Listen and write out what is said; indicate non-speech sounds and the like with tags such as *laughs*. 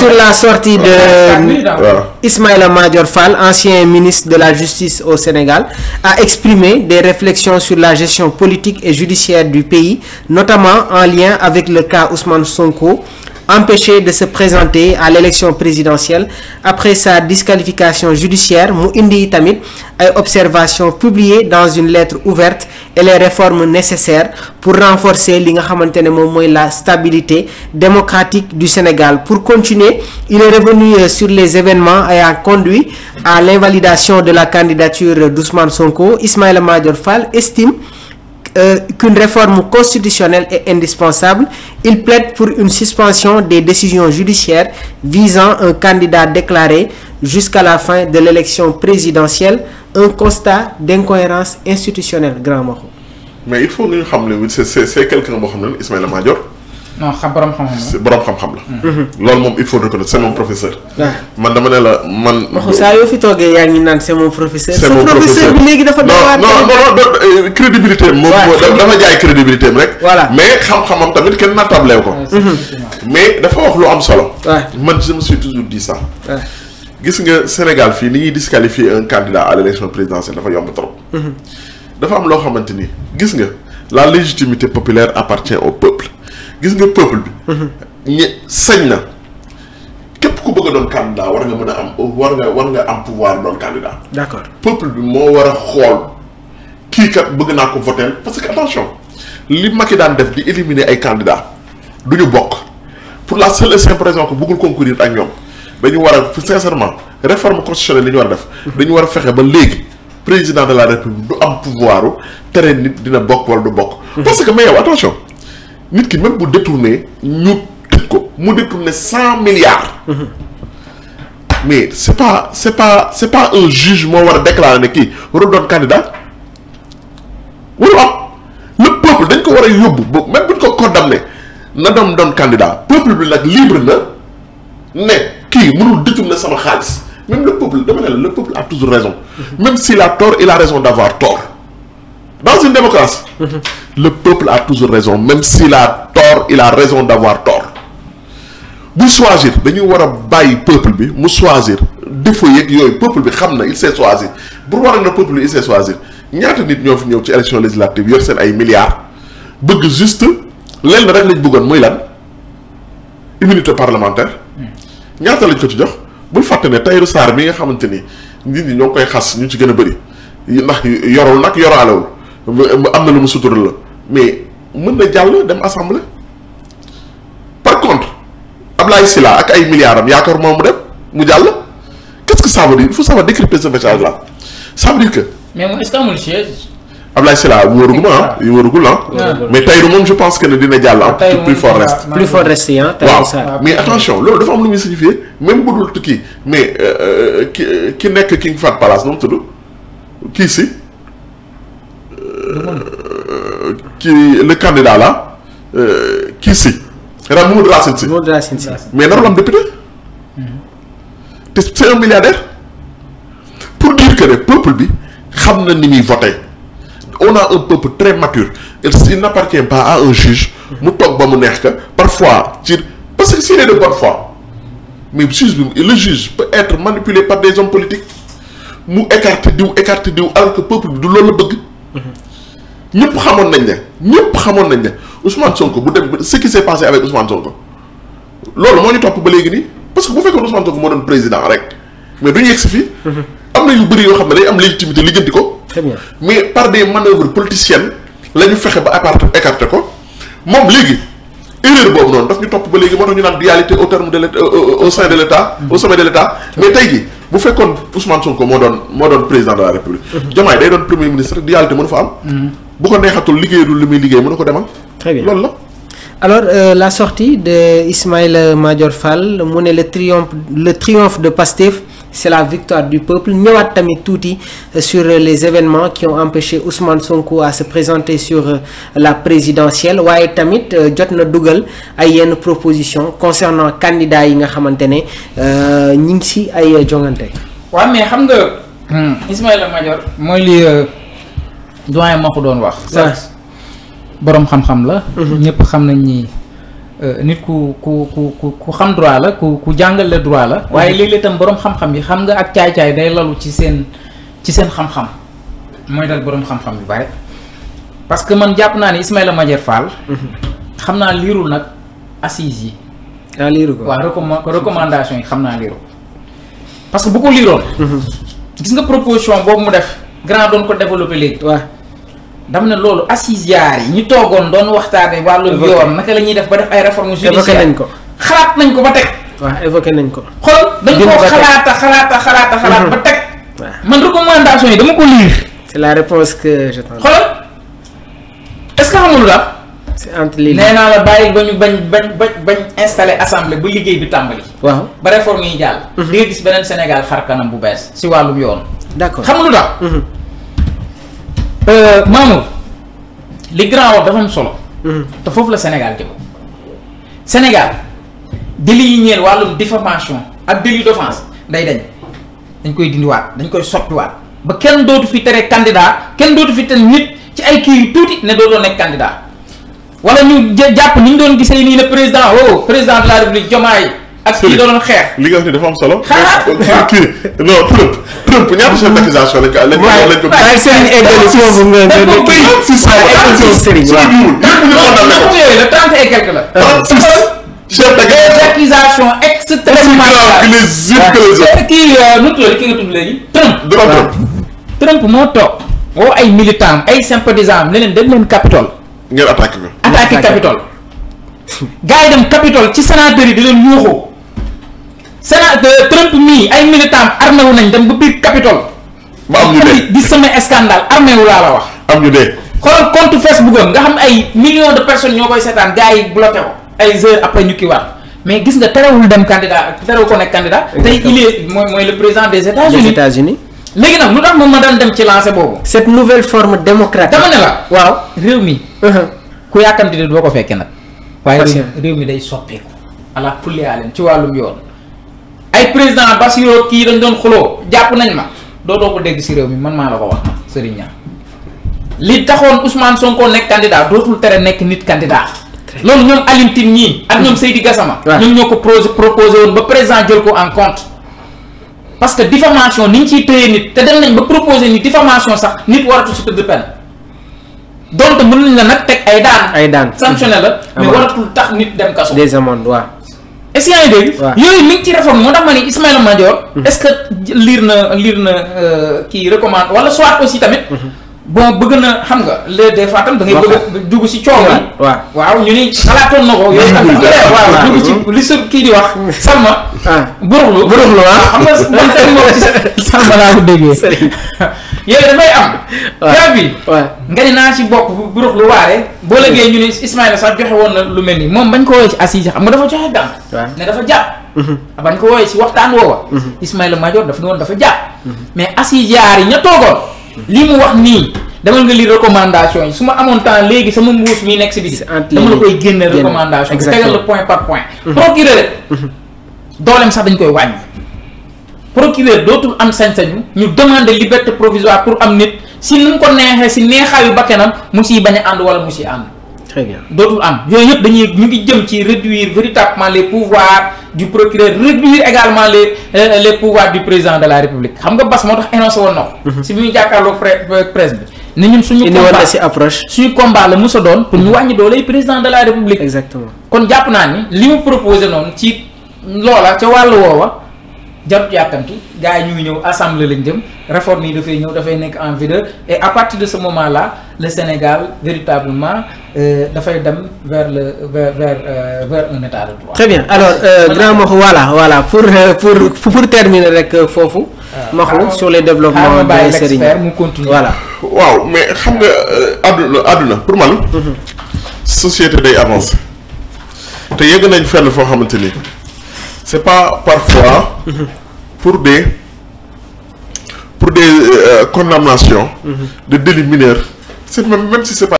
sur la sortie de Ismaïla Madior Fall, ancien ministre de la Justice au Sénégal, a exprimé des réflexions sur la gestion politique et judiciaire du pays, notamment en lien avec le cas Ousmane Sonko, empêché de se présenter à l'élection présidentielle après sa disqualification judiciaire mu indi tamit ay observations publiées dans une lettre ouverte et les réformes nécessaires pour renforcer li nga xamante ne moom mooy la stabilité démocratique du Sénégal pour continuer il est revenu euh, sur les événements ayant conduit à l'invalidation de la candidature d'Ousmane Sonko Ismaïla Madior Fall estime euh, qu'une réforme constitutionnelle est indispensable. Il plaide pour une suspension des décisions judiciaires visant un candidat déclaré jusqu'à la fin de l'élection présidentielle, un constat d'incohérence institutionnelle. Grand Mokho. Mais il faut que nous Major, non xam borom xam-xam la xam la. Mhm. Mhm. loolu moom il faut reconnaître c'est mon professeur. man dama ne la man. waxu saa yoo fi toogee yaa ngi naan c'est mon professeur. c'est mon professeur bi léegi dafa. dawaat non euh, moom dafa jaay crédibilité rek. mais xam-xamam tamit kenn nattable ko. Mhm. mais dafa wax lu am solo. man je me toujours dit ça. gis nga Sénégal fii ni ñuy disqualifier un candidat à l'élection présidentielle dafa yomb trop. dafa am loo xamante ni gis nga la légitimité populaire appartient au peuple. gis nga peuple bi. Mhm. ñe sañ na képp ku bëgg a doon candidat war nga mën a am war nga war nga am pouvoir doon candidat. d'accord peuple bi moo war a xool kii kat bëgg naa ko voter parce que attention li yi daan def di éliminer ay candidats du ñu bokk pour la seule et simple raison bëggul concourir ak ñoom dañu war a sincèrement réforme constitutionnelle li ñu war a def. Mhm. dañu war a fexe ba léegi. président de la république du am pouvoir tere nit dina bokk wala du bokk. Mhm. parce que nit ki même bu détourné ñu tëj ko mu détourné cent milliards. mais c' est pas c' pas c' est un juge moo war a déclarer ne kii warul doon candidat warul a le peuple dañ ko war a yóbbu ba même bu ñu ko condamné na doon doon candidat peuple bi nag libre na ne kii mënul détourné sama xaalis même le peuple dama ne la le peuple a toujours raison. même s' il a tort il raison d' avoir tort. dans une démocratie mhm. le peuple a toujours raison même s'il a tort il a raison d'avoir tort bu choisir dañu war a bàyyi peuple bi mu choisir défaut yeeg yooyu peuple bi xam na il sait choisir bu waral na peuple bi il sait choisir ñaata nit ñoo fi ñëw ci élection législative yor seen ay milliards bëgg juste lenn rek lañ buggoon muy lan immunité parlementaire hmm. ñaata lañ ko ci jox bul fàtte ne Tahirou Sarr bi nga xamante ni nit ñi ñoo koy xas ñu ci gën a bëri ndax yorul nag yoraalewul am na lu mu sutural la mais mën na jàll dem assemblée par contre Ablaye Sylla ak ay milliards am yaakaar moom mu dem mu jàll quest que ça veut dire il faut savoir décrypter ce message là ça veut dire que. mais moom est-ce que amul siège. Ablaye Sylla wóoruguma ah, ah. mais Tahirou moom je pense que ne dina jàll ah. Tahirou plus fort plus fort reste mais attention loolu dafa am lu muy signifier même bu dul tukki mais euh, euh, ki euh, ki nekk King Fahd Palace noonu kii si. kii euh, le candidat là kii si. ram Mamadou Racine Sy Mamadou Racine Sy mais narul am député mhm. te c'est un milliardaire pour dire que ne peuple bi xam na ni muy voté on a un peuple très mature et il n'appartient pas à un juge mu toog ba mu neex ka parfois ci parce que s'il est de bonne foi mais juge bi le juge peut être manipulé par des hommes politiques mu écarté diw écarté diw alors que peuple bi du loolu la bëgg mhm. ñëpp xamoon nañ ne ñëpp xamoon nañ ne Ousmane Sonko bu dem ce qui s' est passé avec Ousmane Sonko loolu moo ñu ba léegi nii parce que bu fekkoon Ousmane Sonko moo doon président rek mais mhm. yoo xam ne day am légitimité lijjanti ko. mais par des la ñu fexe ba apart écarté ko moom léegi erreur boobu noonu moo tax euh, euh, moo doon moo doon président de la république. Mhm. Diomaye day doon premier ministre dualité mënu fa am. Mhm. bu ko neexatul liggéeyul li muy liggéey mën na ko demal. très bien loolu la. alors euh, la sortie de Ismaïla Madior Fall mu ne le triomphe le triomphe de Pastef c'est la victoire du peuple ñëwaat tamit tuuti euh, sur les événements qui ont empêché Ousmane Sonko à se présenter sur euh, la présidentielle waaye tamit jot na dogal ay yenn proposition concernant candidats yi nga xamante ne ñi ngi ci ay jongante. waaw mais xam nga hmm, Ismaïla Madior mooy li. doyen moo ko doon wax. sax boroom xam-xam la. Mhm. ñëpp xam nañ ni euh, nit ku ku ku ku xam droit la ku ku jàngale droit la. Mhm. waaye léeg tam boroom xam-xam yi xam nga ak caay-caay day lalu ci seen ci seen xam-xam mooy dal boroom xam-xam yu bari parce que man jàpp naa ne la Madior Fall. Mhm. xam naa liirul nag assise yi. daa ah, liiru ko waaw recommandation yi xam naa liiru parce que bu ko liiroon. gis nga proposition boobu mu def. grand doon ko développé léegi. waaw dama ne loolu assises yaar yi ñu toogoon doon waxtaanee wàllu yoon naka la ñuy def ba def ay réformes judiciaires évoqué nañ ko. xalaat nañ ko ba teg. waaw évoqué nañ ko. xool dañ koo xalaata xalaata xalaata xalaat ba mhm. teg. man recommandation yi dama ko lire. c'est la réponse que j'attends. xool est-ce que xamul la. c'est entre les nee naa la bàyyi ba ñu bañ bañ bañ installé assemblée ba liggéey bi tàmbali. waaw ba réforme yi jàll. Mhm. di nga gis beneen Sénégal xar kanam bu bees. si wàllum yoon. d'accord xam nga lu tax. Mhm. Euh, Mamour li grand wax dafa am solo. Mhm. te foofu la Sénégal jëm. Sénégal délit yi ñeel wàllum diffamation ak délit d'offense day dañ dañ koy dindiwaat dañ koy soppiwaat ba kenn dootu fi tere candidat kenn dootu fi tere nit ci ay kii yu tuuti ne dootoo nekk candidat wala ñu jàpp ni ñu doon gisee nii ne président oh président de la république Diomaye. ak kii xeex. li nga wax Trump que les autres. kii euh, nu tudd ki nga moo toog woo ay militants ay sympathisants am leen dem leen Capitole. ngeen attaqué ko. attaqué dem Capitole ci sénateur di leen yuuxu. Trump mii ay militant armé nañ dem ba biir Capitole. ba am ñu dee di sama scandale armé wu laa la wax. am ñu dee. xoolal compte Facebook am nga xam ne ay millions de personnes ñoo koy seetaan gars yi bloqué ko. ay heures après ñu kii waat mais gis nga terewul dem candidat terewul ko nekk candidat. tey il mooy le président des États-Unis des États-Unis léegi nag lu tax moom ma daan dem ci lancé boobu. cette nouvelle forme démocratique. dama ne la waaw réew mi. Uh-huh. ku yàkkamti de doo ko fekkee nag. waaye réew mi day soppeeku. ala kulli ci wàllum yoon. ay président Bassirou kii dañ doon xuloo jàpp nañ ma dootoo ko dégg si réew mi man maa la ko wax Serigne Niang li taxoon Ousmane ko nekk candidat dootul tere nekk nit candidat loolu ñoom Alioune Tine ñii ak ñoom mhm. Seydi Gassama ñoom ñoo ko proposé woon ba président jël ko en compte parce que diffamation ni ñu ciy téye nit te dem nañ ba proposé ni diffamation sax nit waratu ci tëdd peine donc mën nañ la nag teg ay daan ay daan sanctionné la mhm. mais waratul tax nit dem kaso des amendes waaw est-ce dégg. yooyu mi ngi ci réforme moo tax ma ni Ismaïla Madior. Mhm. est-ce que liir na liir na euh, kii recommande wala soit aussi tamit. Mhm. bon bëgg na xam nga les des fois tam da ngay bëgg a dugg si coow yi waaw ñu ni xalaatoon na ko *laughs* dugg ci li sa kii di wax *laughs* salma ah. buruxlu buruxlu ah. waaw xam nga man *laughs* salma laa ko déggee yooyu dafay am. waaw jafe nga ni naa si bokk bu bu lu waare. boo lëggee ñu ne Ismaïla sax joxe woon na lu mel nii moom bañ ko woowee ci assise xam nga dafa joxe gàmm. ne dafa jàpp. Mhm. Ah, bañ ko woowee si waxtaan woowa. Mhm. Ismaïla Madior daf ne woon dafa jàpp. Mhm. mais assise yaar yi ña toogoon. lii mu wax nii. demal nga lii recommandation yi su ma amoon temps léegi sama mbuus mi nekk si biir. dama la koy génne recommandation. exactement tegal la point par point. procureur rek. dooleem sax dañ koy wàññi. procureur dootul am sañ-sañu ñu demander liberté provisoire pour am nit si nu mu ko neexee si neexaayu bakkanam mu siy bañ ànd wala mu si ànd. très bien dootul am yooyu yëpp dañuy ñu ngi jëm ci réduire véritablement les pouvoirs du procureur réduire également les euh, les pouvoirs du président de la république xam nga bas moo tax énoncé woon na ko. Mhm. si bu ñu jàkkaarloo euh, presse bi. ni ñun suñu combat si approche suñu combat la mos a doon pour ñu mhm. wàññi dooley président kon jàpp naa ni li mu proposé noonu ci loola ca wàllu woowa. jarut yàkkamti gars yi ñu ngi ñëw assemblée lañ dem réforme yi dafay ñëw dafay nekk en vigueur et à partir de ce moment la le Sénégal véritablement euh, dafay dem vers le vers euh, vers un état de droit. très bien alors euh, grand Mokhou pour pour pour terminer rek foofu. Ah. Mokhou ah. sur les développements ah, de Serigne mu continue voilà. waaw mais xam nga àdduna àdduna pour man. Mhm. société day avancer. te yegg nañ fenn foo xamante ni c'est pas parfois. Mhm. pour des pour des euh, condamnations. Mm de délits c'est même même c'est pas